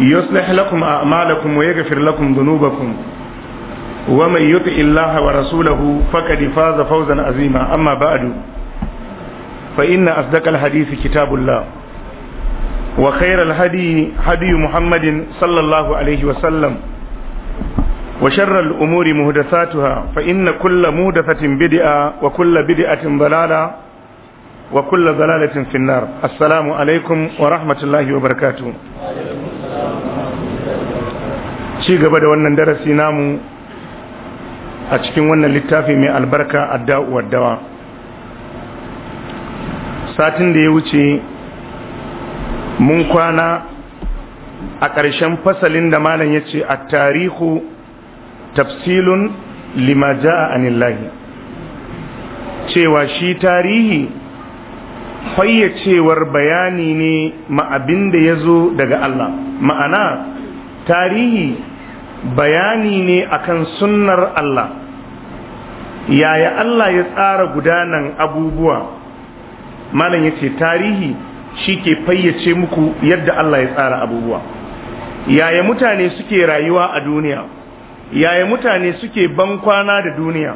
يصلح لكم أعمالكم ويغفر لكم ذنوبكم ومن يطع الله ورسوله فقد فاز فوزا عظيما أما بعد فإن أصدق الحديث كتاب الله وخير الهدي هدي محمد صلى الله عليه وسلم وشر الأمور مهدثاتها فإن كل مهدثة بدعة وكل بدعة ضلالة وكل ضلالة في النار السلام عليكم ورحمة الله وبركاته ci gaba da wannan darasi namu a cikin wannan littafi mai albarka a da'uwar dawa satin da ya wuce mun kwana a ƙarshen fasalin da malam ya ce a tarihu tafsilun limaja a anillahi cewa shi tarihi fayyacewar bayani ne ma abin da ya zo daga Allah ma'ana tarihi bayani ne akan sunnar Allah yaya Allah ya tsara gudanan abubuwa malam ya ce tarihi shi ke fayyace muku yadda Allah ya tsara abubuwa yaya mutane suke rayuwa a duniya yaya mutane suke bankwana da duniya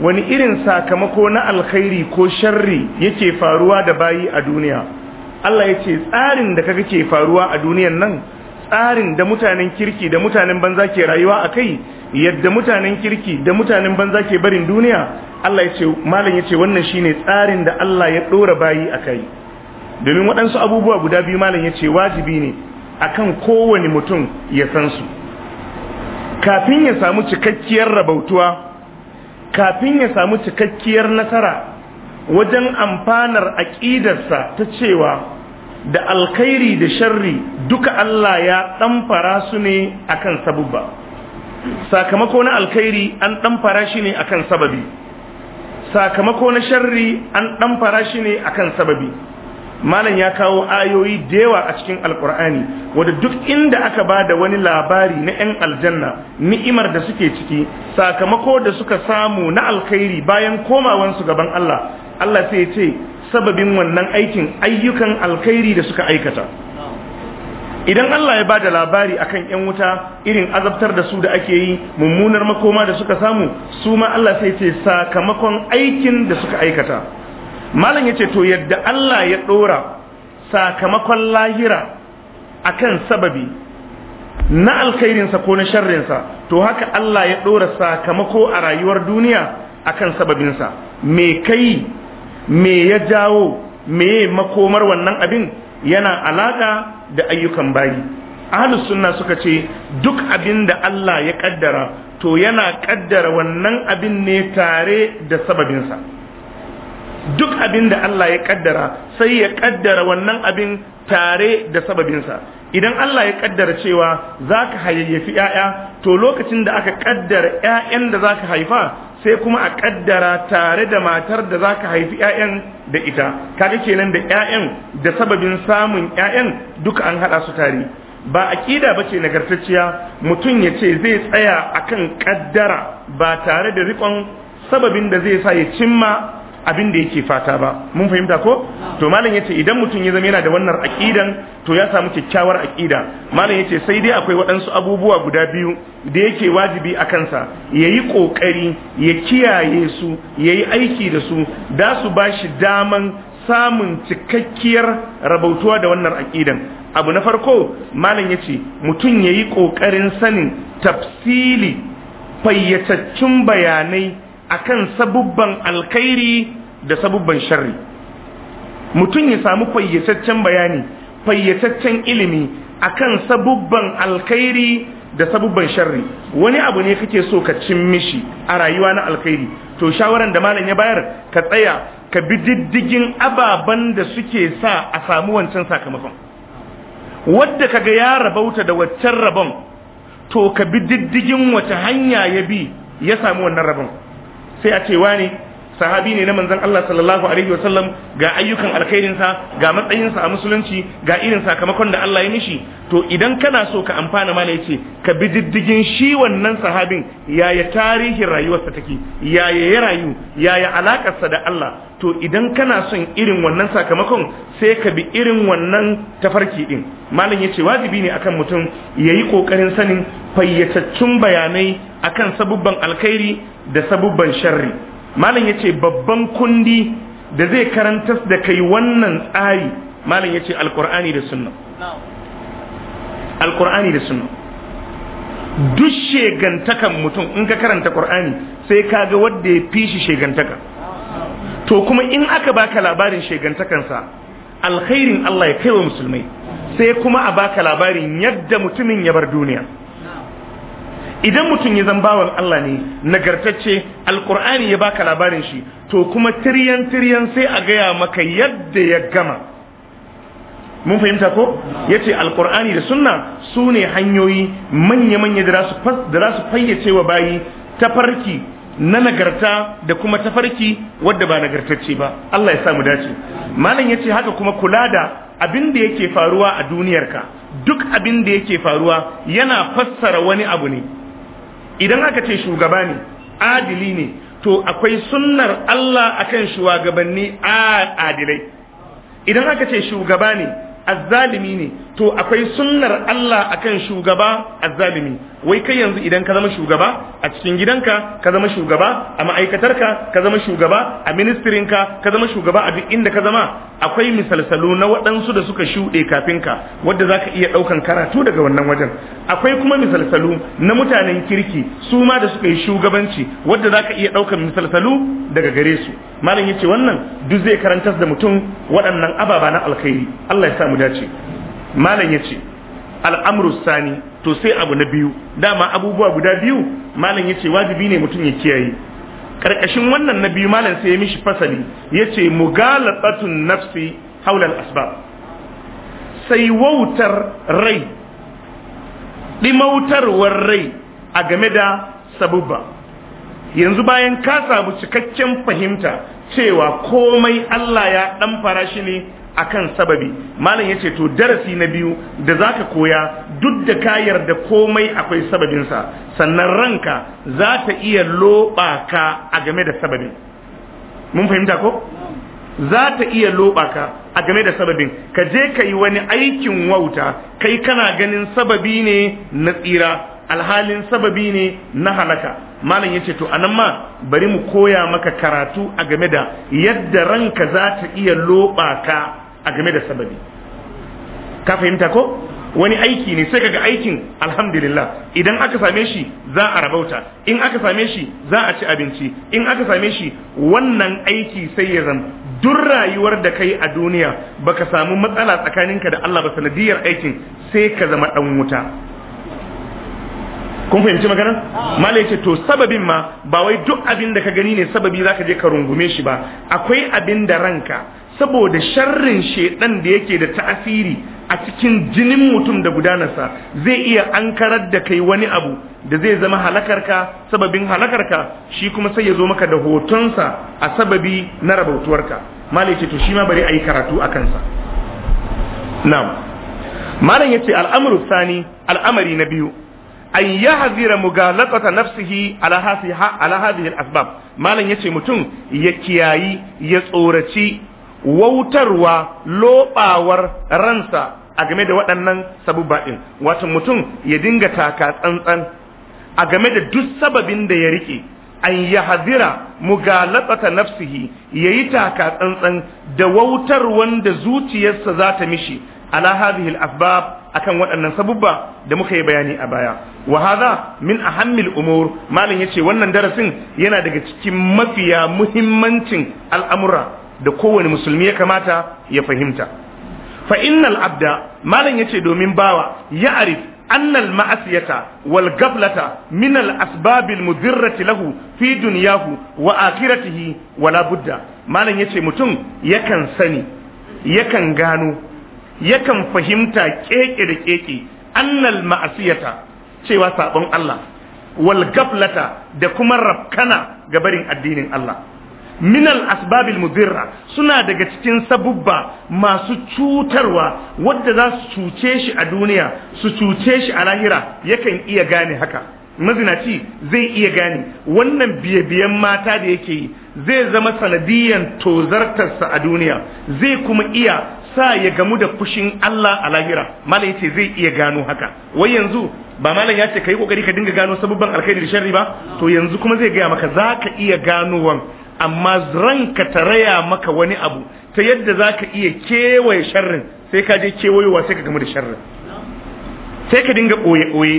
wani irin sakamako na alkhairi ko sharri yake faruwa da bayi a duniya Allah ya ce tsarin da kake faruwa a duniyan nan tsarin da mutanen kirki da mutanen banza ke rayuwa a kai yadda mutanen kirki da mutanen banza ke barin duniya Allah ya ce malam ya ce wannan shine tsarin da Allah ya ɗora bayi a kai domin waɗansu abubuwa guda biyu malam ya ce wajibi ne akan kowane mutum ya san su kafin ya samu cikakkiyar rabautuwa kafin ya samu cikakkiyar nasara wajen amfanar aƙidarsa ta cewa da alkhairi da sharri duka Allah ya ɗamfara su ne akan sabubba sakamako na alkhairi an ɗamfara shi ne akan sababi sakamako na sharri an ɗamfara shi ne akan sababi malam ya kawo ayoyi da yawa a cikin alkur'ani wadda duk inda aka ba da wani labari na 'yan aljanna ni'imar da suke ciki sakamako da suka samu na alkhairi bayan komawansu gaban Allah Allah sai ya ce sababin wannan aikin ayyukan alkhairi da suka aikata idan Allah ya bada labari akan yan wuta irin azabtar da su da ake yi mummunar makoma da suka samu su ma Allah sai ce sakamakon aikin da suka aikata malam yace to yadda Allah ya dora sakamakon lahira akan sababi na alkhairinsa ko na sharrinsa to haka Allah ya ɗora sakamako a rayuwar duniya akan sababinsa me kai me ya jawo me makomar wannan abin yana alaƙa da ayyukan bayi ahlus sunna suka ce duk abin da Allah ya kaddara to yana kaddara wannan abin ne tare da sababinsa duk abin da Allah ya kaddara sai ya kaddara wannan abin tare da sababinsa idan Allah ya kaddara cewa za ka hayayyafi 'ya'ya, to lokacin da aka kaddara 'ya'yan da za ka haifa sai kuma a kaddara tare da matar da za ka haifi 'ya'yan da ita kaga kenan da 'ya'yan da sababin samun 'ya'yan duka an haɗa su tare ba a ƙida ba ce nagartacciya mutum ya ce zai tsaya akan kaddara ba tare da rikon sababin da zai sa ya cimma abin da yake fata ba mun fahimta ko to malam yace idan mutum ya zama yana da wannan aqidan to ya samu kyakkyawar aqida malam yace sai dai akwai waɗansu abubuwa guda biyu da yake wajibi a kansa yayi kokari ya kiyaye su yayi aiki da su da su bashi daman samun cikakkiyar rabautuwa da wannan aqidan abu na farko malam yace mutum yayi kokarin sanin tafsili fayyataccun bayanai akan sabubban alkhairi da sabubban sharri mutum ya samu fayyataccen bayani fayyataccen ilimi akan sabubban alkhairi da sabubban sharri wani abu ne kake so ka cin mishi a rayuwa na alkhairi to shawaran da malam ya bayar ka tsaya ka bi diddigin ababen da suke sa a samu wancan sakamakon wadda ga ya rabauta da waccan rabon to ka bi diddigin wata hanya ya bi ya samu wannan rabon sai a ce wani sahabi ne na manzon Allah sallallahu alaihi wasallam ga ayyukan alkhairinsa ga matsayinsa a musulunci ga irin sakamakon da Allah ya mishi to idan kana so ka amfana mala yace ka bi diddigin shi wannan sahabin yaya tarihin rayuwarsa take yaya ya rayu yaya alakarsa da Allah to idan kana son irin wannan sakamakon sai ka bi irin wannan tafarki din malam yace wajibi ne akan mutum yayi kokarin sanin fayyataccun bayanai akan sabubban alkhairi da sabubban sharri malam yace babban kundi da zai karantar da kai wannan tsari malam yace alqur'ani da sunna alqur'ani da sunna duk shegantakan mutum in ka karanta qur'ani sai kaga wanda ya fi shi shegantaka to kuma in aka baka labarin shegantakansa alkhairin Allah ya kai wa musulmai sai kuma a baka labarin yadda mutumin ya bar duniya idan mutum ya zambawan Allah ne nagartacce alkur'ani ya baka labarin shi to kuma tiriyan tiriyan sai a gaya maka yadda ya gama mun fahimta ko ya ce alkur'ani da sunna su ne hanyoyi manya-manya da za su fayyace wa bayi tafarki na nagarta da kuma tafarki wadda ba nagartacce ba Allah ya sa mu dace malam yace haka kuma kula da abin da yake faruwa a duniyarka duk abin da yake faruwa yana fassara wani abu ne idan aka ce shugaba ne adili ne to akwai sunnar Allah akan shugabanni adilai idan aka ce shugaba ne azzalimi ne to akwai sunnar Allah akan shugaba azzalimi wai kai yanzu idan ka zama shugaba a cikin gidanka ka zama shugaba a ma'aikatarka ka zama shugaba a ministirinka ka zama shugaba a duk inda ka zama akwai misalsalu na waɗansu da suka shuɗe kafin ka wadda zaka iya ɗaukan karatu daga wannan wajen akwai kuma misalsalu na mutanen kirki su ma da suka yi shugabanci wadda zaka iya ɗaukan misalsalu daga gare su malam ya ce wannan duk zai karantar da mutum waɗannan ababa na alkhairi Allah ya sa mu dace malam ya ce al’amuru sani to sai abu na biyu dama abubuwa guda biyu malam ya ce wajibi ne mutum ya kiyaye ƙarƙashin wannan na biyu malam sai ya mishi fasali ya ce mugalabatun nafsi haulal asbab sai wautar rai ɗimautarwar rai a game da sabubba yanzu bayan ka samu cikakken fahimta cewa komai Allah ya ɗan fara shi ne akan sababi malam yace to darasi na biyu da zaka koya duk da ka yarda komai akwai sababinsa sannan ranka za ta iya loba ka a game da sababin mun fahimta ko za ta iya loba ka a game da sababin ka je ka yi wani aikin wauta kai kana ganin sababi ne na tsira alhalin sababi ne na halaka malam ya ce to anan ma bari mu koya maka karatu a game da yadda ranka za ta iya loba ka a game da sababi ka fahimta ko wani aiki ne sai kaga aikin alhamdulillah idan aka same shi za a rabauta in aka same shi za a ci abinci in aka same shi wannan aiki sai ya zama duk rayuwar da kai a duniya baka samu matsala tsakaninka da Allah ba sanadiyar aikin sai ka zama dan wuta kun fahimci magana malai ce to sababin ma ba wai duk abin da ka gani ne sababi zaka je ka rungume shi ba akwai abin da ranka saboda sharrin shedan da yake da ta'asiri a cikin jinin mutum da gudanarsa zai iya ankarar da kai wani abu da zai zama halakarka sababin halakarka shi kuma sai ya zo maka da hotonsa a sababi na rabautuwarka malai ce to shi ma bari a yi karatu a kansa na'am malam ya ce al'amuru sani al'amari na biyu an yi hazira mugalatata nafsihi ala hadhihi asbab malam yace mutum ya kiyayi ya tsoraci wautarwa lobawar ransa a game da waɗannan sabubba ɗin wato mutum ya dinga taka tsantsan a game da duk sababin da ya riƙe, an ya hadira mugalatsata nafsihi ya yi taka tsantsan da wautar wanda zuciyarsa za ta mishi ala hadhihi al-asbab akan waɗannan sabubba da muka yi bayani a baya wa hadha min ahammil umur malam ce wannan darasin yana daga cikin mafiya muhimmancin al'amura da kowane musulmi ya kamata ya fahimta fa innal abda malam yace domin bawa ya arif annal ma'asiyata wal gablata min al asbabil mudirrati lahu fi dunyahu wa akhiratihi wala budda malam yace mutum yakan sani yakan gano yakan fahimta keke da keke annal ma'asiyata cewa sabon Allah wal gablata da kuma rafkana ga barin addinin Allah minal asbabil mudirra suna daga cikin sabubba masu cutarwa wadda za su cuce shi a duniya su cuce shi a lahira yakan iya gane haka mazinaci zai iya gane wannan biyabiyan mata da yake yi zai zama sanadiyan tozartarsa a duniya zai kuma iya sa ya gamu da fushin Allah a lahira malam yace zai iya gano haka wai yanzu ba malam ya ce kai kokari ka dinga gano sabubban alkhairi da sharri ba to yanzu kuma zai gaya maka zaka iya ganowan amma ranka ta raya maka wani abu ta yadda za ka iya kewaye sharrin sai ka je kewayewa sai ka gama da sharrin sai ka dinga ɓoye-ɓoye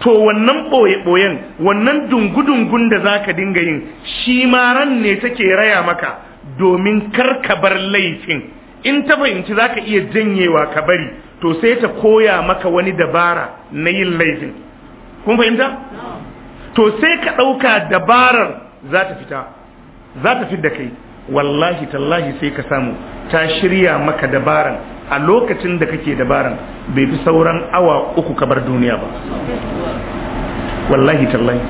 to wannan ɓoye-ɓoyen wannan dungu-dungun da za ka dinga yin shi ma ran ne take raya maka domin kar ka bar laifin in ta fahimci za ka iya janyewa ka bari to sai ta koya maka wani dabara na yin laifin kun fahimta to sai ka ɗauka dabarar za ta fita za ta fi da kai wallahi tallahi sai ka samu ta shirya maka dabaran a lokacin da kake dabaran bai fi sauran awa uku ka bar duniya ba wallahi tallahi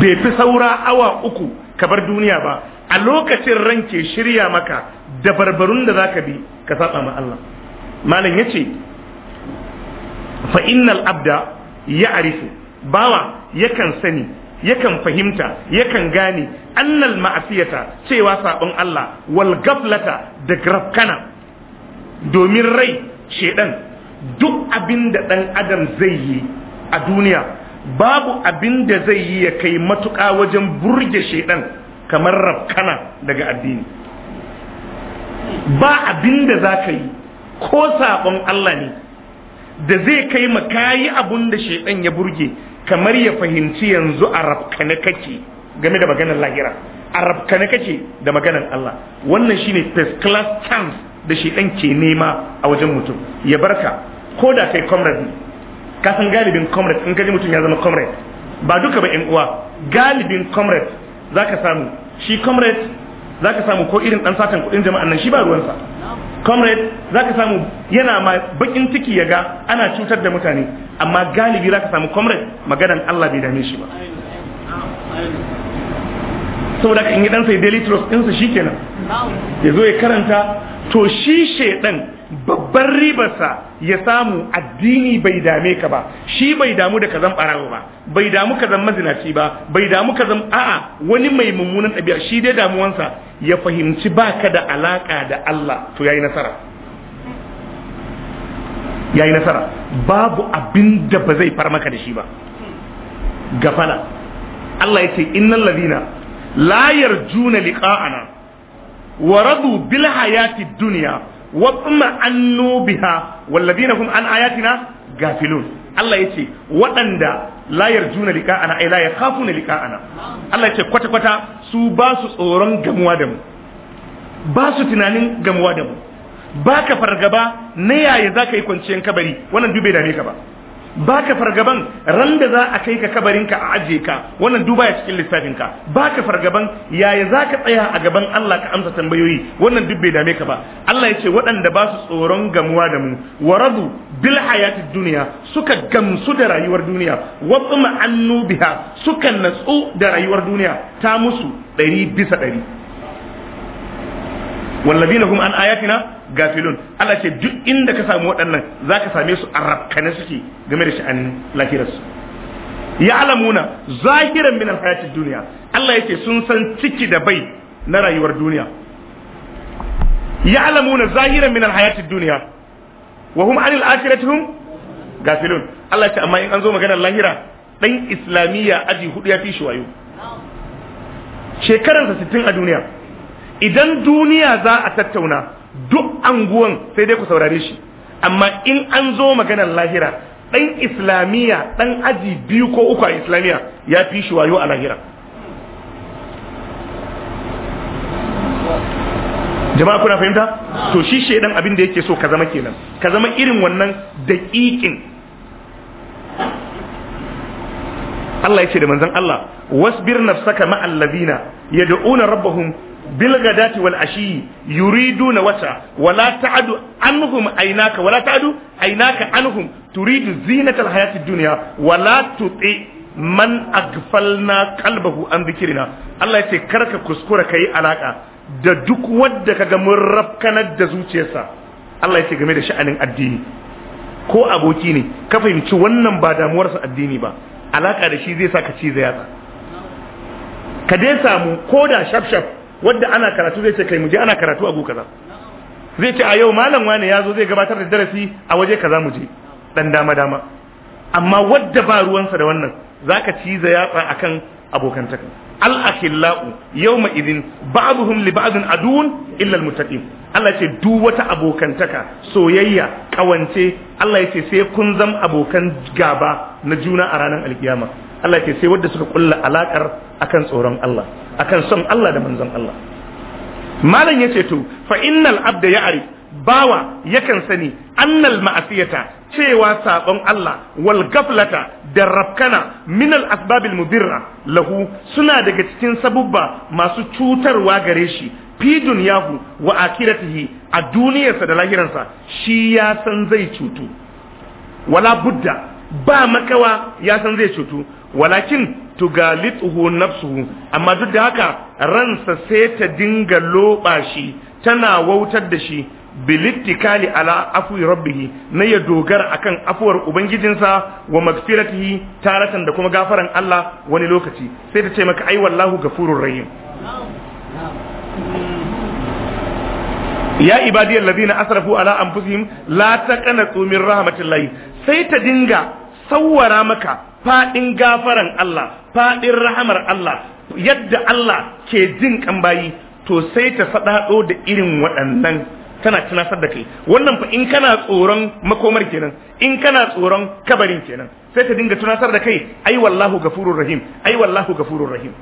bai fi saura awa uku ka bar duniya ba a lokacin ranke shirya maka dabarbarun da za ka bi ka saba ma Allah malam yace fa innal abda ya ya'rifu bawa yakan sani yakan fahimta yakan gane annal ma'asiyata cewa sabon Allah wal gaflata da grafkana domin rai shedan duk abin da dan adam zai yi a duniya babu abin da zai yi ya kai matuƙa wajen burge shedan kamar rafkana daga addini ba abin da za ka yi ko sabon Allah ne da zai kai makayi abun da shedan ya burge kamar ya fahimci yanzu a rabkane kake game da maganar lahira a rabkane kake da maganar Allah wannan shine first class chance da shi dan ke nema a wajen mutum ya barka ko da kai comrade ne ka san galibin comrade in ka ji mutum ya zama comrade ba duka ba yan uwa galibin comrade zaka samu shi comrade zaka samu ko irin dan satan kudin jama'an nan shi ba ruwansa comrade za ka samu yana ma bakin ciki ya ga ana cutar da mutane amma galibi za ka samu comrade maganan Allah bai dame shi ba saboda ka in yi ɗansa ya daily trust ɗinsa shi kenan ya zo ya karanta to shi shaidan babban ribarsa ya samu addini bai dame ka ba shi bai damu da kazan barawo ba bai damu kazan mazinaci ba bai damu kazan a'a wani mai mummunan ɗabi'a shi dai damuwansa ya fahimci baka da alaka da Allah to yayi nasara yayi nasara babu abin da ba zai far maka da shi ba gafala Allah ya ce innal ladina la yarjuna liqa'ana wa radu bil hayati dunya waqma annu biha walladina hum an ayatina gafilun Allah yace waɗanda la yarjuna liqa'ana ay la yakhafuna liqa'ana Allah yace kwata kwata su ba su tsoron gamuwa da mu ba su tunanin gamuwa da mu baka fargaba na yaya zaka yi kwanciyar kabari wannan dubai da ne ka ba baka fargaban ran da za a kai ka kabarinka a aje ka wannan duba ya cikin lissafinka baka fargaban yaya za ka tsaya a gaban Allah ka amsa tambayoyi wannan duk bai dame ka ba Allah ya ce waɗanda ba su tsoron gamuwa da mu waradu bil hayati duniya suka gamsu da rayuwar duniya wa annu biha suka natsu da rayuwar duniya ta musu ɗari bisa ɗari wallazina kuma an ayatina gafilun Allah ce duk inda ka samu waɗannan za ka same su arabkane suke game da sha'anin lafiyar su ya'lamuna zahiran min alhayatid duniya. Allah yake sun san ciki da bai na rayuwar duniya ya'lamuna zahiran min alhayatid duniya. wa hum anil akhiratihim gafilun Allah ce amma in an zo maganar lahira dan islamiyya aji hudu ya fi shi wayo shekaransa 60 a duniya idan duniya za a tattauna duk anguwan sai dai ku saurare shi amma in an zo maganar lahira dan islamiyya dan aji biyu ko uku a islamiyya ya fi shi wayo a lahira jama'a kuna fahimta to shi dan abin da yake so ka zama kenan ka zama irin wannan daƙiƙin Allah ya ce da manzon Allah wasbir nafsaka ma'al ladina yad'una rabbahum bilgadati wal ashi yuriduna wata wala ta'adu anhum aynaka wala ta'adu aynaka anhum turidu zinata al hayati dunya wala tuti man aghfalna qalbahu an dhikrina Allah yace karka kuskura kai alaka da duk wanda kaga mun rafkanar da zuciyarsa Allah yace game da sha'anin addini ko aboki ne ka fahimci wannan ba damuwarsa addini ba alaka da shi zai saka ci zai yatsa ka dai samu ko da shafshaf wadda ana karatu zai ce kai mu je ana karatu a kaza zai ce a yau malam wane ya zo zai gabatar da darasi a waje kaza mu je dan dama dama amma wadda ba ruwansa da wannan zaka ciza yatsa akan abokantaka al-akhillau yawma idin ba'dhum li ba'din adun illa al-muttaqin Allah ce duk wata abokantaka soyayya kawance Allah yace sai kun zam abokan gaba na juna a ranar alkiyama Allah yace sai wanda suka kulla alakar akan tsoron Allah akan son Allah da manzon Allah malam ce to fa innal abda ya'rif bawa yakan sani annal ma'asiyata cewa sabon Allah wal gaflata da rafkana min al asbabil mudirra lahu suna daga cikin sabubba masu cutarwa gare shi fi dunyahu wa akiratihi a duniyarsa da lahiransa shi ya san zai cutu wala budda ba makawa ya san zai cutu walakin tugalituhu nafsuhu amma duk da haka ransa sai ta dinga loba shi tana wautar da shi bilittikali ala afwi rabbihi na ya dogara akan afuwar ubangijinsa wa magfiratihi taratan da kuma gafaran Allah wani lokaci sai ta ce maka ai wallahu gafurur rahim ya ibadi ladina asrafu ala anfusihim la taqanatu min rahmatillahi sai ta dinga sawwara maka faɗin gafaran Allah faɗin rahamar Allah yadda Allah ke jin bayi to sai ta faɗaɗo da irin waɗannan tana tunasar da kai wannan fa in kana tsoron makomar kenan in kana tsoron kabarin kenan sai ta dinga tunasar da kai ai wallahu gafurur rahim ai wallahu gafurur rahim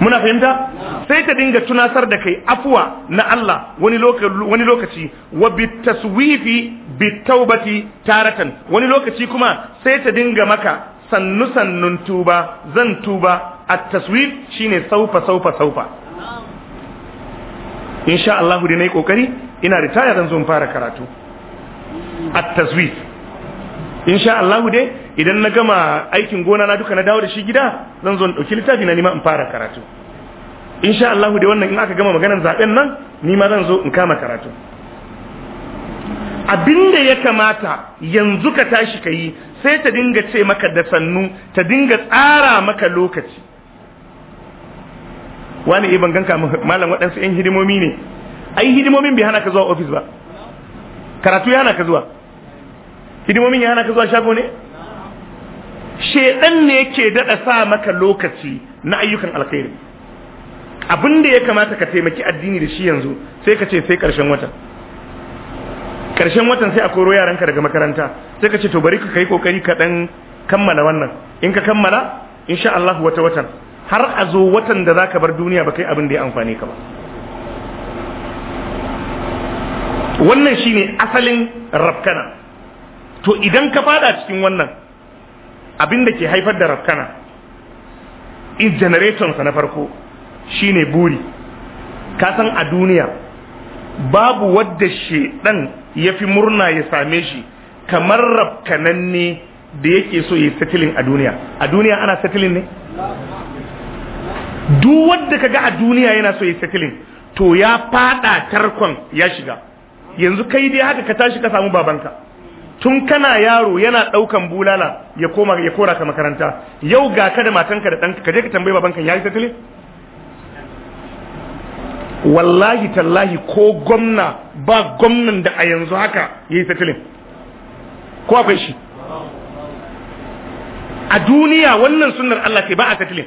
muna fahimta sai ta dinga tunasar da kai afuwa na Allah wani lokaci wa bitaswifi bitaubati taratan wani lokaci kuma sai ta dinga maka sannu sannun tuba zan tuba at taswif shine saufa saufa saufa insha Allah dai nayi kokari ina ritaya zan zo fara karatu at taswif insha Allah dai idan na gama aikin gona na duka na dawo da shi gida zan zo ɗauki dauki littafi na nima in fara karatu insha Allah dai wannan in aka gama maganar zaben nan ni ma zan zo in kama karatu abinda ya kamata yanzu ka tashi ka yi sai ta dinga ce maka da sannu ta dinga tsara maka lokaci wani iban eh, ganka malam waɗansu 'yan hidimomi ne ai hidimomin bai hana ka zuwa ofis ba karatu ya hana ka zuwa hidimomin ya hana ka zuwa shago ne shedan ne yake dada sa maka lokaci na ayyukan alkhairi abinda ya kamata ka taimaki addini da shi yanzu sai ka ce sai karshen watan karshen watan sai a koro yaranka daga makaranta sai ka ce to bari ka kai kokari ka dan kammala wannan in ka kammala insha Allah wata watan har a zo watan da zaka bar duniya ba kai abin da ya amfane ka ba wannan shine asalin rafkana to idan ka fada cikin wannan abin da ke haifar da rafkana is sa na farko shine buri ka san a duniya babu wadda shedan ya fi murna ya same shi kamar rafkananne da yake so ya settling a duniya a duniya ana settling ne duk wadda kaga a duniya yana so ya settling to ya fada tarkon ya shiga yanzu kai dai haka ka tashi ka samu babanka tun kana yaro yana daukan bulala ya koma ya kora ka makaranta yau ga ka da matanka da ɗanka ka je ka tambayi babanka yayi tattali wallahi tallahi ko gwamna ba gwamnan da a yanzu haka yayi tattale ko akwai shi a duniya wannan sunnar Allah ce ba a tattale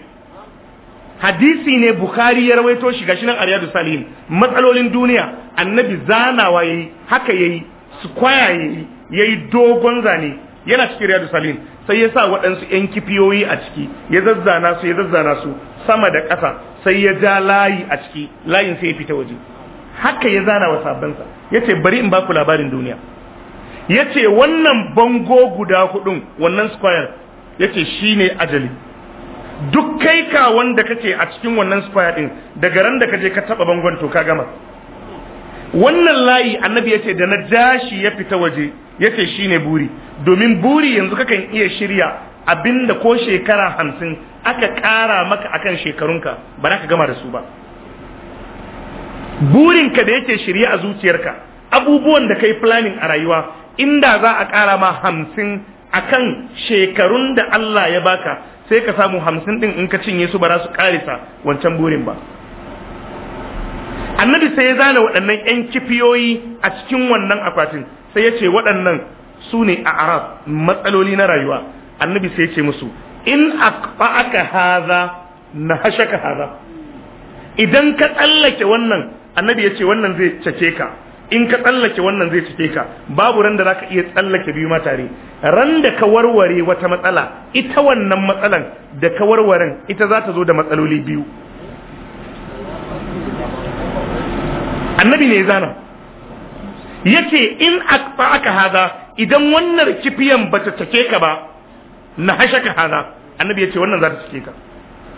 hadisi ne bukhari ya rawaito shi gashi nan ariyadu salihin matsalolin duniya annabi zanawa yayi haka yayi ya yayi yayi dogon zane yana cikin riyadu salin sai ya sa waɗansu yan kifiyoyi a ciki ya zazzana su ya zazzana su sama da ƙasa sai ya ja layi a ciki layin sai ya fita waje haka ya zana wa sabansa ya ce bari in baku labarin duniya ya wannan bango guda hudun wannan square ya ce ajali duk kai ka wanda kake a cikin wannan square din daga ran da ka je ka taɓa bangon to ka gama wannan layi annabi ya ce da na dashi ya fita waje ya ce shi ne buri domin buri yanzu kakan iya shirya abinda ko shekara hamsin aka ƙara maka akan shekarunka ba za ka gama da su ba burinka da yake shirye a zuciyarka abubuwan da kai planning a rayuwa inda za a ƙara ma hamsin akan shekarun da Allah ya baka sai ka samu hamsin ɗin in ka cinye su ba za su karisa wancan burin ba annabi sai ya zana waɗannan yan kifiyoyi a cikin wannan akwatin sai ya ce waɗannan su ne a arab matsaloli na rayuwa annabi sai ya ce musu in aqta'aka haza na hashaka haza idan ka tsallake wannan annabi ya ce wannan zai cake ka in ka tsallake wannan zai cike ka babu ran da zaka iya tsallake biyu ma tare ran da ka warware wata matsala ita wannan matsalan da ka warwaren ita za ta zo da matsaloli biyu annabi ne ya zana yace in aka haza idan wannan kifiyan bata take ka ba na hashaka haza annabi yace wannan za ta take ka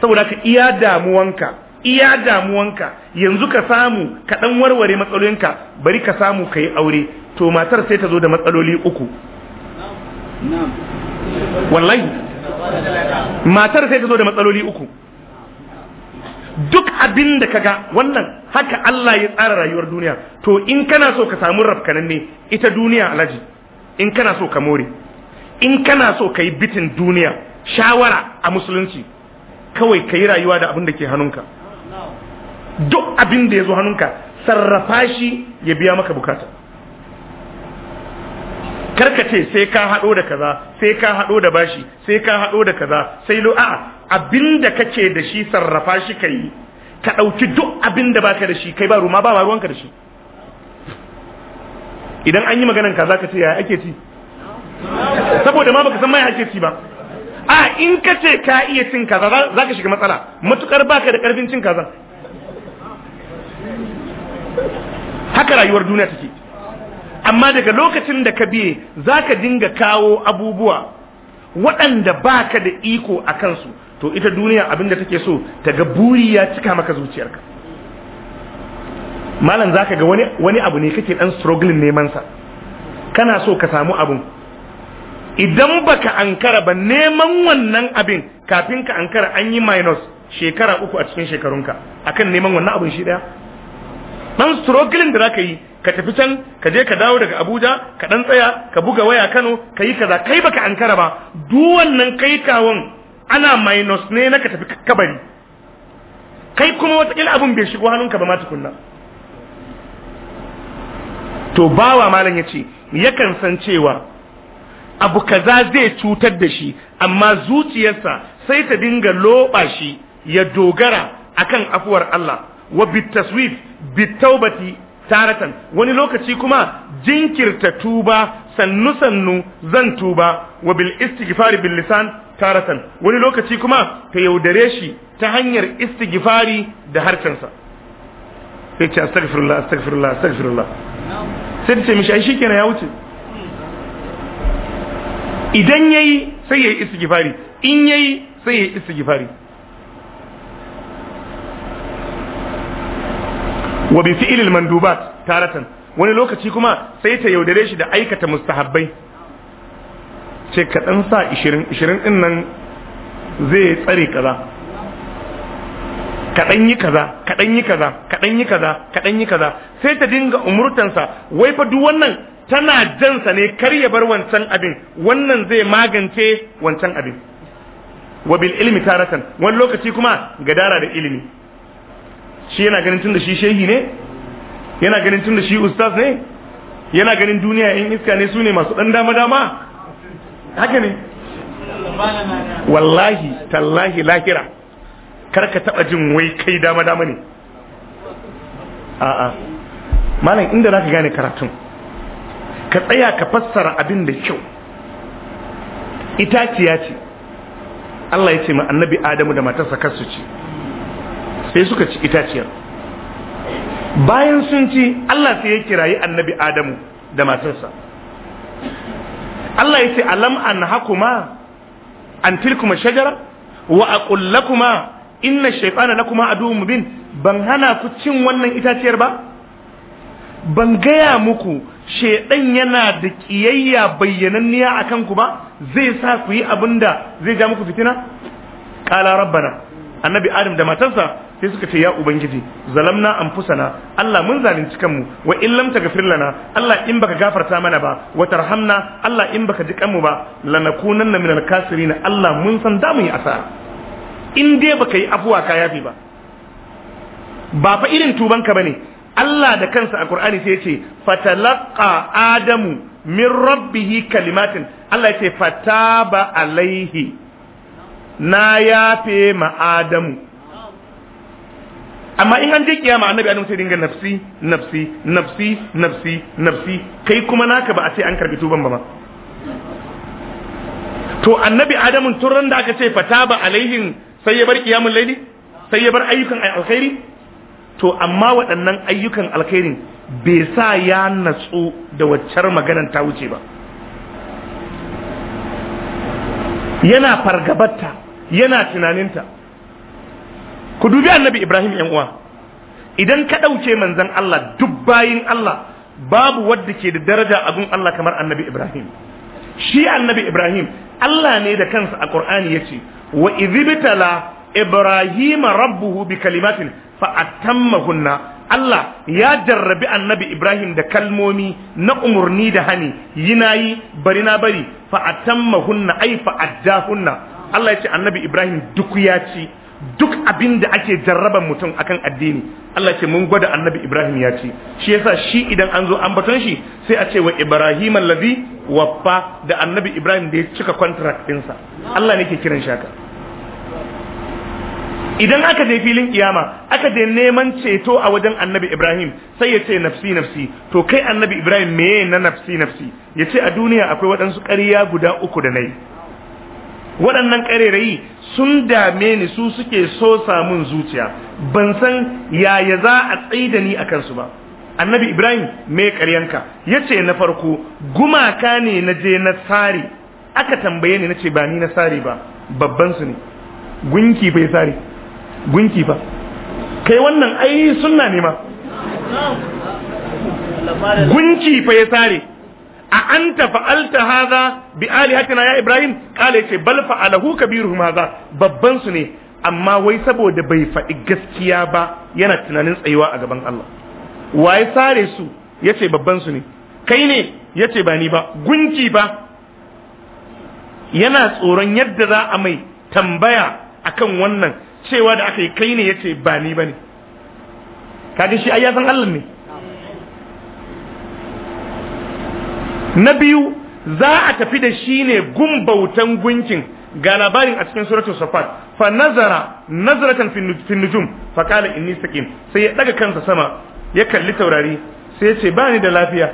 saboda ka iya damuwanka iya damuwanka yanzu ka samu ka dan warware matsalolinka bari ka samu kai aure to matar sai ta zo da matsaloli uku wallahi matar sai ta zo da matsaloli uku duk abin da kaga wannan haka Allah ya tsara rayuwar duniya to in kana so ka samu rafkanan ne ita duniya alaji in kana so ka more in kana so ka yi bitin duniya shawara a musulunci kawai ka yi rayuwa da abin da ke hannunka duk abin da ya zo hannunka sarrafa shi ya biya maka bukata karkace sai ka haɗo da kaza sai ka haɗo da bashi sai ka haɗo da kaza sai lo a'a abinda kake da shi sarrafa shi kai ka dauki duk abinda baka da shi kai ba ruma ba ma ruwanka da shi idan an yi maganan ka zaka ce yaya ake ci saboda ma baka san mai ake ci ba a in ka ce ka iya cin kaza za ka shiga matsala matukar baka da karfin cin kaza haka rayuwar duniya take amma daga lokacin da ka biye za ka dinga kawo abubuwa waɗanda baka da iko a kansu to ita duniya abin da take so ta ga buri ya cika maka zuciyarka malam zaka ga wani wani abu ne kake dan struggling neman sa kana so ka samu abun idan baka ankara ba neman wannan abin kafin ka ankara an yi minus shekara uku a cikin shekarunka akan neman wannan abin shi daya dan struggling da zaka yi ka tafi can ka je ka dawo daga Abuja ka dan tsaya ka buga waya Kano ka yi kaza kai baka ankara ba duk wannan kai kaikawan ana minus ne na ka tafi kabari kai kuma watakila abun bai shigo hannunka ba ma tukunna to bawa malam ya ce yakan san cewa abu kaza zai cutar da shi amma zuciyarsa sai ta dinga loba shi ya dogara akan afuwar Allah wa bitaswif bitaubati taratan wani lokaci kuma jinkirta tuba sannu sannu zan tuba wa bil istighfar bil lisan taratan wani lokaci kuma ta yaudare shi ta hanyar istighfari da harkansa sai ce astaghfirullah astaghfirullah astaghfirullah sai ta ce mishi ai shikenan ya wuce idan yayi sai yayi istighfari in yayi sai yayi istighfari wa bi fi'il al-mandubat taratan wani lokaci kuma sai ta yaudare shi da aikata mustahabbai ce ka dan sa 20 20 din nan zai tsare kaza ka dan yi kaza ka dan yi kaza ka dan yi kaza ka dan yi kaza sai ta dinga umurtansa wai fa duk wannan tana jansa ne kar ya bar wancan abin wannan zai magance wancan abin wa bil ilmi taratan wani lokaci kuma gadara da ilimi shi yana ganin tunda shi shehi ne yana ganin tunda shi ustaz ne yana ganin duniya yan iska ne su ne masu dan dama dama haka ne wallahi tallahi lahira kar ka taba jin wai kai dama dama ne a'a malam inda zaka gane karatun ka tsaya ka fassara abin da kyau itaciya ce Allah ya ce ma annabi Adamu da matarsa kar su ci sai suka ci itaciyar bayan sun ci Allah sai ya kirayi annabi Adamu da matarsa Allah ya ce alam an hakuma an tilkuma shajara wa aqul lakuma inna shaytana lakuma mu mubin ban hana ku cin wannan itaciyar ba ban gaya muku shedan yana da kiyayya bayyananniya akan ku ba zai sa ku yi abinda zai ja muku fitina qala rabbana annabi adam da matarsa sai suka ce ya ubangiji zalamna anfusana Allah mun zalunci kanmu wa in lam taghfir lana Allah in baka gafarta mana ba wa tarhamna Allah in baka ji kanmu ba lanakunanna minal kasirin Allah mun san da mu yi asara in dai baka yi afuwa ka yafi ba ba fa irin tubanka bane Allah da kansa a Qur'ani sai yace fatalaqa adamu min rabbih kalimatin Allah yace fataba alaihi na yafe ma adamu amma in an je kiyama annabi adam sai dinga nafsi nafsi nafsi nafsi nafsi kai kuma naka ba a ce an karbi tuban ba to annabi Adamu turan da aka ce fataba alaihin sai ya bar kiyamul laili sai ya bar ayyukan alkhairi to amma waɗannan ayyukan alkhairi bai sa ya natsu da waccar maganar ta wuce ba yana fargabarta yana tunaninta ku dubi annabi ibrahim yan uwa idan ka ɗauke manzan Allah duk bayin Allah babu wadda ke da daraja a gun Allah kamar annabi ibrahim shi annabi ibrahim Allah ne da kansa a Qur'ani ce, wa idhibtala ibrahima rabbuhu bi kalimatin fa hunna. Allah ya jarrabi annabi Ibrahim da kalmomi na umarni da hani yina yi bari na bari fa atamma hunna ai fa hunna. Allah ya ce annabi Ibrahim duk ya ci duk abin da ake jarraban mutum akan addini Allah ce mun gwada annabi Ibrahim ya ce shi yasa shi idan an zo an ambaton shi sai a ce wa Ibrahim allazi waffa da annabi Ibrahim da ya cika contract sa Allah ne ke kiran shaka idan aka je filin kiyama aka je neman ceto a wajen annabi Ibrahim sai ya ce nafsi nafsi to kai annabi Ibrahim meye na nafsi nafsi ya ce a duniya akwai waɗansu ƙarya guda uku da nayi waɗannan ƙarerayi sun dame ni su suke so samun zuciya ban san yaya za a tsaida ni a kansu ba annabi ibrahim mai karyanka ya ce na farko gumaka ne na je na tsari aka tambaye ni na ce ba ni na tsari ba babban su ne gunki bai tsari gunki ba kai wannan ai sunna ne ma gunki fa ya sare? a anta fa'alta haza bi alihatina ya ibrahim kala ce bal fa'alahu kabiruhum hadha babban su ne amma wai saboda bai faɗi gaskiya ba yana tunanin tsayuwa a gaban Allah waye sare su ce babban su ne kai ne ya ce ba ni ba gunki ba yana tsoron yadda za a mai tambaya a kan wannan cewa da aka yi kai ne ya ce ba ni ba ne. kaga shi ai Allah ne na biyu za a tafi da shi ne gun bautan gunkin ga labarin a cikin suratul safar, fa nazara nazratan fi nujum fa qala inni saqim sai ya daga kansa sama ya kalli taurari sai ya ce ba ni da lafiya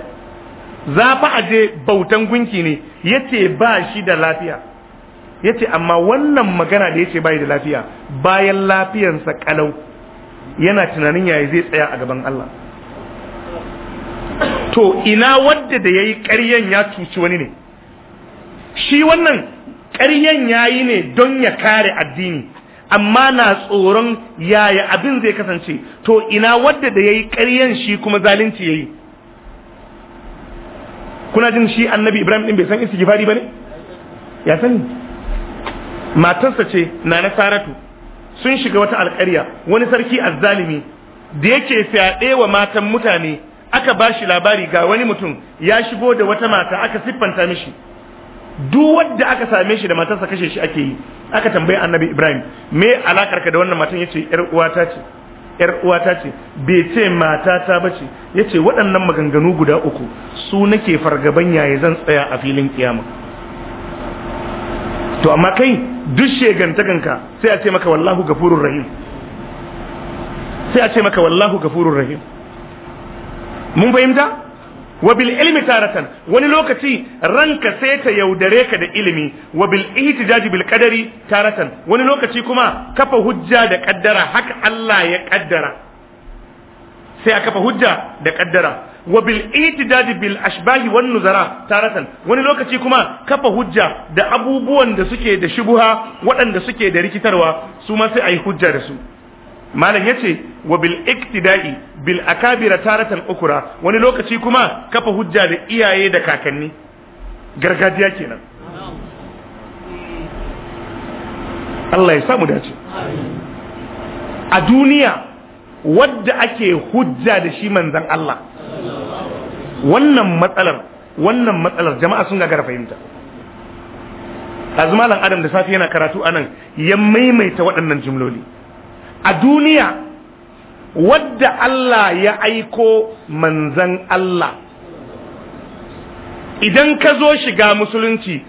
za fa aje bautan gunki ne yace ba shi da lafiya yace amma wannan magana da yace shi da lafiya bayan lafiyansa kalau yana tunanin yayi zai tsaya a gaban Allah to ina wadda da yayi ƙaryan ya cuci wani ne shi wannan ƙaryan yayi ne don ya kare addini amma na tsoron yaya abin zai kasance to ina wadda da yayi ƙaryan shi kuma zalunci yayi kuna jin shi annabi ibrahim din bai san ba bane ya sani matarsa ce na na Saratu, sun shiga wata alƙarya wani sarki azzalimi da yake fyaɗe wa matan mutane aka ba shi labari ga wani mutum ya shigo da wata mata aka siffanta mishi duk wanda aka same shi da matarsa kashe shi ake yi aka tambayi annabi ibrahim me alakar ka da wannan matan yace yar uwata ce yar uwata ce bai ce matata ba ce yace waɗannan maganganu guda uku su nake fargaban yayi zan tsaya a filin kiyama to amma kai duk shegantakanka sai a ce maka wallahu gafurur rahim sai a ce maka wallahu gafurur rahim mun fahimta wabil ilimi ilmi taratan wani lokaci ranka sai ta yaudare ka da ilimi wa bil ihtijaji bil qadari taratan wani lokaci kuma kafa hujja da kaddara haka Allah ya kaddara sai a kafa hujja da kaddara wabil bil ihtijaji bil ashbahi wan nuzara taratan wani lokaci kuma kafa hujja da abubuwan da suke da shubuha waɗanda suke da rikitarwa su ma sai ayi hujja da su malam ce wa bil iktida'i bil akabira taratan ukura wani lokaci kuma kafa hujja da iyaye da kakanni gargajiya kenan Allah ya samu dace a duniya wadda ake hujja da shi manzan Allah wannan matsalar wannan matsalar jama'a sun gagara fahimta azmalan adam da safi yana karatu anan ya maimaita waɗannan jimloli a duniya wadda Allah ya aiko manzan Allah idan ka zo shiga musulunci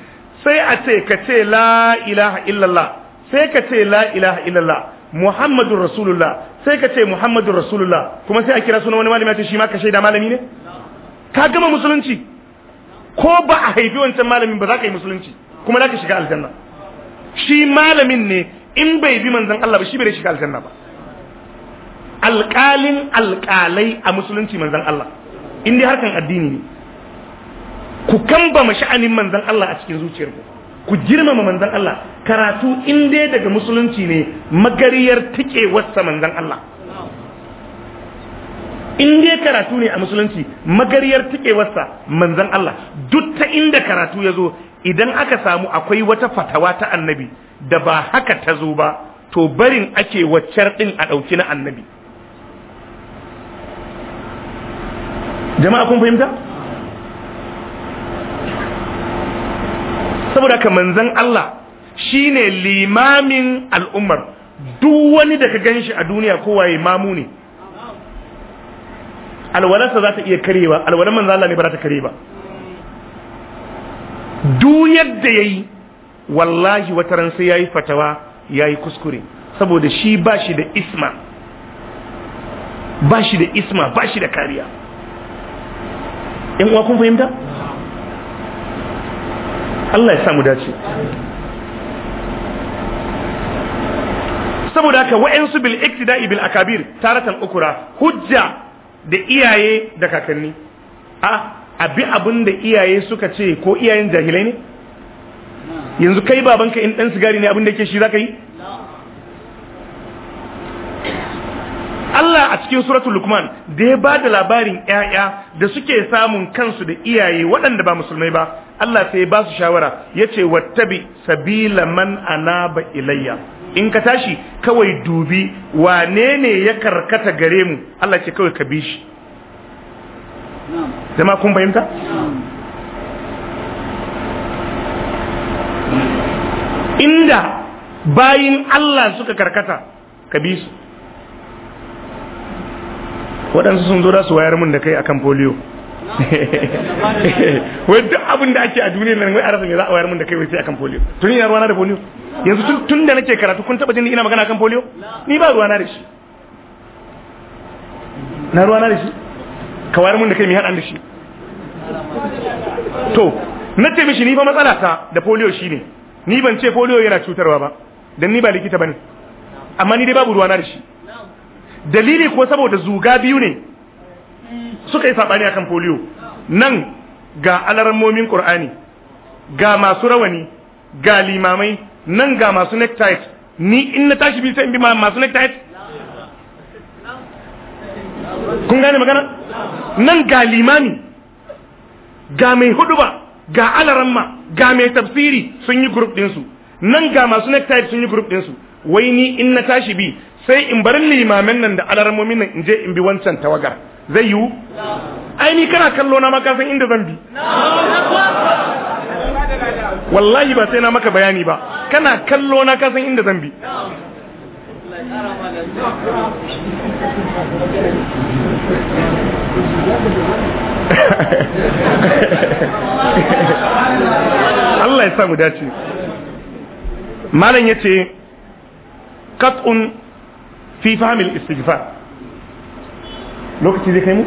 sai a ce ka ce la ilaha illallah sai ka ce la ilaha illallah muhammadun rasulullah sai ka ce muhammadun rasulullah kuma sai a kira sunan wani malami ya ce shi ma ka shaida malami ne ka gama musulunci ko ba a haifi wancan malamin ba za ka yi musulunci kuma za ka shiga aljanna shi malamin ne in bai bi manzan Allah ba shi bai shiga aljanna ba alƙalin alƙalai a musulunci manzan Allah in dai harkan addini ne ku kambama sha'anin manzan Allah a cikin zuciyarku ku girmama manzan Allah karatu in dai daga musulunci ne magariyar tike wasa manzan Allah in dai karatu ne a musulunci magariyar tikewarsa manzon Allah duk ta inda karatu ya zo idan aka samu akwai wata fatawa ta annabi da ba haka ta zo ba to barin ake waccar ɗin a ɗauki na annabi jama'a kun fahimta saboda ka manzon Allah shine limamin al'ummar duk wani da ka ganshi a duniya kowa ya mamu ne alwalarsa za ta iya karewa alwalar manzo Allah ne ba za ta kare ba duk yadda yi, wallahi wata ran sai yi fatawa ya yi kuskure saboda shi ba shi da isma ba shi da isma ba shi da kariya uwa kun fahimta Allah ya samu dace saboda haka wa'yansu bil iktida'i bil akabir taratan ukura hujja da iyaye da kakanni a abi abin da iyaye suka ce ko iyayen jahilai ne yanzu kai babanka in dan sigari ne abin da ke shi za ka yi Allah a cikin suratul lukman da ya ba da labarin 'ya'ya da suke samun kansu da iyaye waɗanda ba musulmai ba Allah sai ya ba su shawara ya yace wattabi sabila man anaba ilayya in ka tashi kawai dubi wane ne ya karkata gare mu Allah ce kawai ka bi shi zama kun bayanta? inda bayin Allah suka karkata ka bi su waɗansu sun zo su wayar mun da kai akan polio wai duk abin da ake a duniya nan wai a rasa ne za a wayar mun da kai wai sai akan polio tuni yana na da polio yanzu tun da nake karatu kun taba jin ina magana kan polio ni ba ruwana da shi na ruwana da shi ka wayar mun da kai mai hadan da shi to na ce mishi ni fa matsala ta da polio shine ni ban ce polio yana cutarwa ba dan ni ba likita bane amma ni dai babu ruwana da shi dalili ko saboda zuga biyu ne suka yi sabani akan polio nan ga alarmomin qur'ani ga masu rawani ga limamai nan ga masu necktie ni in na tashi bi sai in bi masu necktie kun gane magana nan ga limami ga mai huduba ga alaramma ga mai tafsiri sun yi group dinsu nan ga masu necktie sun yi group dinsu wai ni in na tashi bi sai in bar limamin nan da alaramomin nan in je in bi wancan tawagar zai yiwu ai ni kana kallo na maka san inda zan bi wallahi ba sai na maka bayani ba kana kallo na ka san inda zan bi Allah ya samu dace malam yace qat'un fi fahmi al-istighfar lokaci zai kai mu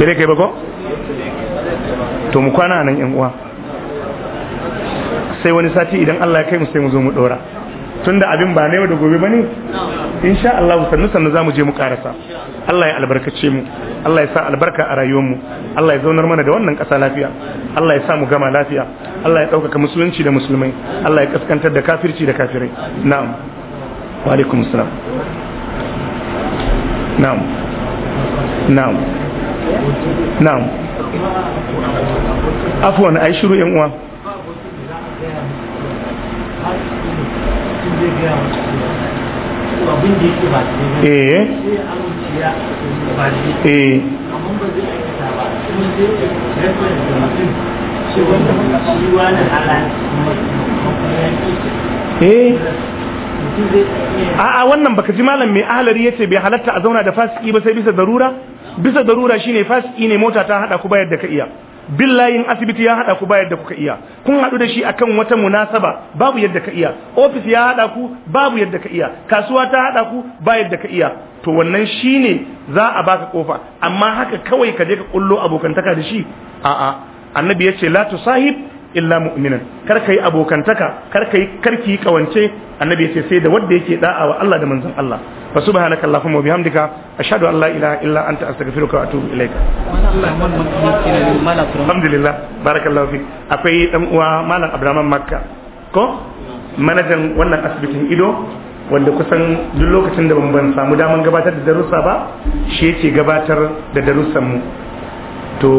bai ba ko to mu kwana nan yan uwa sai wani sati idan Allah ya kai mu sai mu zo mu dora tunda abin ba na da gobe bane insha Allah sannu sannu mu je mu karasa Allah ya albarkace mu Allah ya sa albarka a rayuwar mu Allah ya zaunar mana da wannan ƙasa lafiya Allah ya sa mu gama lafiya Allah ya ɗaukaka musulunci da musulmai Allah ya kaskantar da kafirci da kafirai na'am wa alaikum salam na'am na'am na'am afwan ai shiru yan uwa eh eh, eh. a'a wannan baka ji malam mai ahalari yace bai halatta a zauna da fasiki ba sai bisa darura bisa darura shine fasiki ne mota ta hada ku bayar da ka iya billahi asibiti ya hada ku bayar da kuka iya kun hadu da shi akan wata munasaba babu yadda ka iya office ya hada ku babu yadda ka iya kasuwa ta hada ku ba yadda ka iya to wannan shine za a baka kofa amma haka kawai ka je ka kullo abokantaka da shi a'a annabi yace la tusahib illa mu'minan kar kai abokantaka kar kai karki kawance annabi yace sai da wanda yake da'a wa Allah da manzon Allah fa subhanaka allahumma wa bihamdika ashhadu an la ilaha illa anta astaghfiruka wa atubu ilaika alhamdulillah barakallahu fik akwai dan uwa malam Abdurrahman Makka ko manajan wannan asibitin ido wanda kusan duk lokacin da ban samu daman gabatar da darussa ba shi yake gabatar da darussan mu to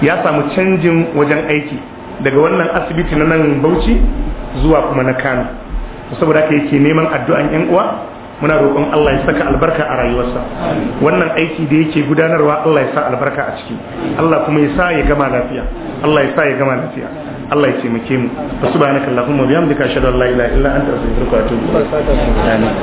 ya samu canjin wajen aiki daga wannan asibiti na nan bauchi zuwa kuma na kano saboda haka yake neman addu'an yan uwa muna roƙon Allah ya saka albarka a rayuwarsa wannan aiki da yake gudanarwa Allah ya sa albarka a ciki Allah kuma ya sa ya gama lafiya Allah ya sa ya gama lafiya Allah ya taimake mu subhanakallahumma bihamdika ashhadu an la ilaha illa anta astaghfiruka wa atubu ilaik